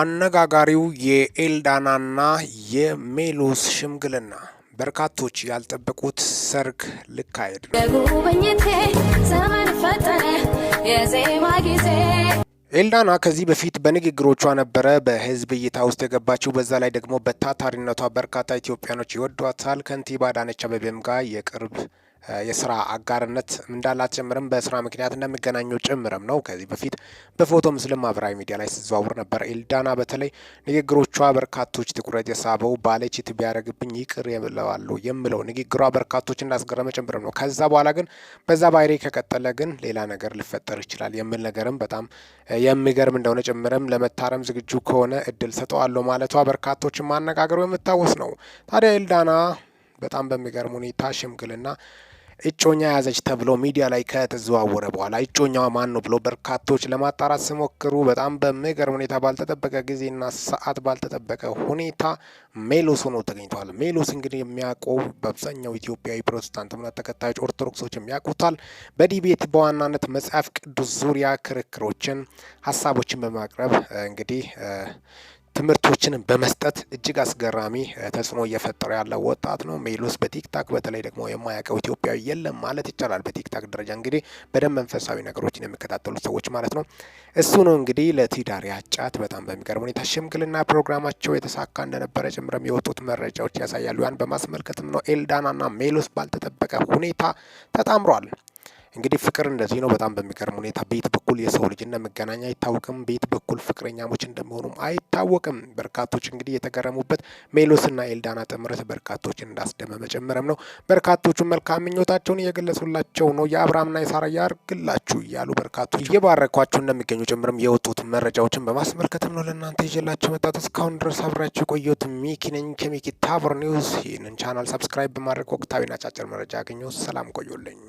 አነጋጋሪው የኤልዳናና የሜሎስ ሽምግልና በርካቶች ያልጠበቁት ሰርግ ልካሄድ ነው። ኤልዳና ከዚህ በፊት በንግግሮቿ ነበረ በህዝብ እይታ ውስጥ የገባችው። በዛ ላይ ደግሞ በታታሪነቷ በርካታ ኢትዮጵያኖች ይወዷታል። ከንቲባ አዳነች አቤቤም ጋር የቅርብ የስራ አጋርነት እንዳላት ጭምርም በስራ ምክንያት እንደሚገናኙ ጭምርም ነው። ከዚህ በፊት በፎቶ ምስልም ማህበራዊ ሚዲያ ላይ ስትዘዋውር ነበር። ኤልዳና በተለይ ንግግሮቿ በርካቶች ትኩረት የሳበው ባለች ት ቢያደርግብኝ ይቅር ይለዋሉ የምለው ንግግሯ በርካቶች እንዳስገረመ ጭምርም ነው። ከዛ በኋላ ግን በዛ ባይሬ ከቀጠለ ግን ሌላ ነገር ሊፈጠር ይችላል የሚል ነገርም በጣም የሚገርም እንደሆነ ጭምርም ለመታረም ዝግጁ ከሆነ እድል ሰጠዋለሁ ማለቷ በርካቶች ማነጋገሩ የሚታወስ ነው። ታዲያ ኤልዳና በጣም በሚገርም ሁኔታ ሽምግልና እጮኛ ያዘች ተብሎ ሚዲያ ላይ ከተዘዋወረ በኋላ እጮኛዋ ማን ነው ብሎ በርካቶች ለማጣራት ሲሞክሩ በጣም በሚገርም ሁኔታ ባልተጠበቀ ጊዜና ሰዓት ባልተጠበቀ ሁኔታ ሜሎስ ሆኖ ተገኝተዋል። ሜሎስ እንግዲህ የሚያውቀው በአብዛኛው ኢትዮጵያዊ ፕሮቴስታንት እምነት ተከታዮች ኦርቶዶክሶች የሚያውቁታል። በዲቤት በዋናነት መጽሐፍ ቅዱስ ዙሪያ ክርክሮችን፣ ሀሳቦችን በማቅረብ እንግዲህ ትምህርቶችን በመስጠት እጅግ አስገራሚ ተጽዕኖ እየፈጠረ ያለው ወጣት ነው። ሜሎስ በቲክታክ በተለይ ደግሞ የማያውቀው ኢትዮጵያዊ የለም ማለት ይቻላል። በቲክታክ ደረጃ እንግዲህ በደንብ መንፈሳዊ ነገሮችን የሚከታተሉት ሰዎች ማለት ነው። እሱ ነው እንግዲህ ለትዳር ያጫት በጣም በሚገርም ሁኔታ ሽምግልና ፕሮግራማቸው የተሳካ እንደነበረ ጭምርም የወጡት መረጃዎች ያሳያሉ። ያን በማስመልከትም ነው ኤልዳናና ሜሎስ ባልተጠበቀ ሁኔታ ተጣምሯል። እንግዲህ ፍቅር እንደዚህ ነው። በጣም በሚገርም ሁኔታ ቤት በኩል የሰው ልጅ መገናኛ አይታወቅም፣ ቤት በኩል ፍቅረኛሞች እንደሚሆኑም አይታወቅም። በርካቶች እንግዲህ የተገረሙበት ሜሎስና ኤልዳና ጥምረት በርካቶችን እንዳስደመመ ጭምርም ነው። በርካቶቹ መልካም ምኞታቸውን እየገለጹላቸው ነው። የአብርሃምና የሳራ ያርግላችሁ እያሉ በርካቶች እየባረኳቸው እንደሚገኙ ጭምርም የወጡት መረጃዎችን በማስመልከትም ነው ለእናንተ ይዤላቸው መጣት። እስካሁን ድረስ አብራችሁ የቆየሁት ሚኪ ነኝ ከሚኪ ታቦር ኒውስ። ይህንን ቻናል ሰብስክራይብ በማድረግ ወቅታዊና አጫጭር መረጃ ያገኘው። ሰላም ቆዩልኝ።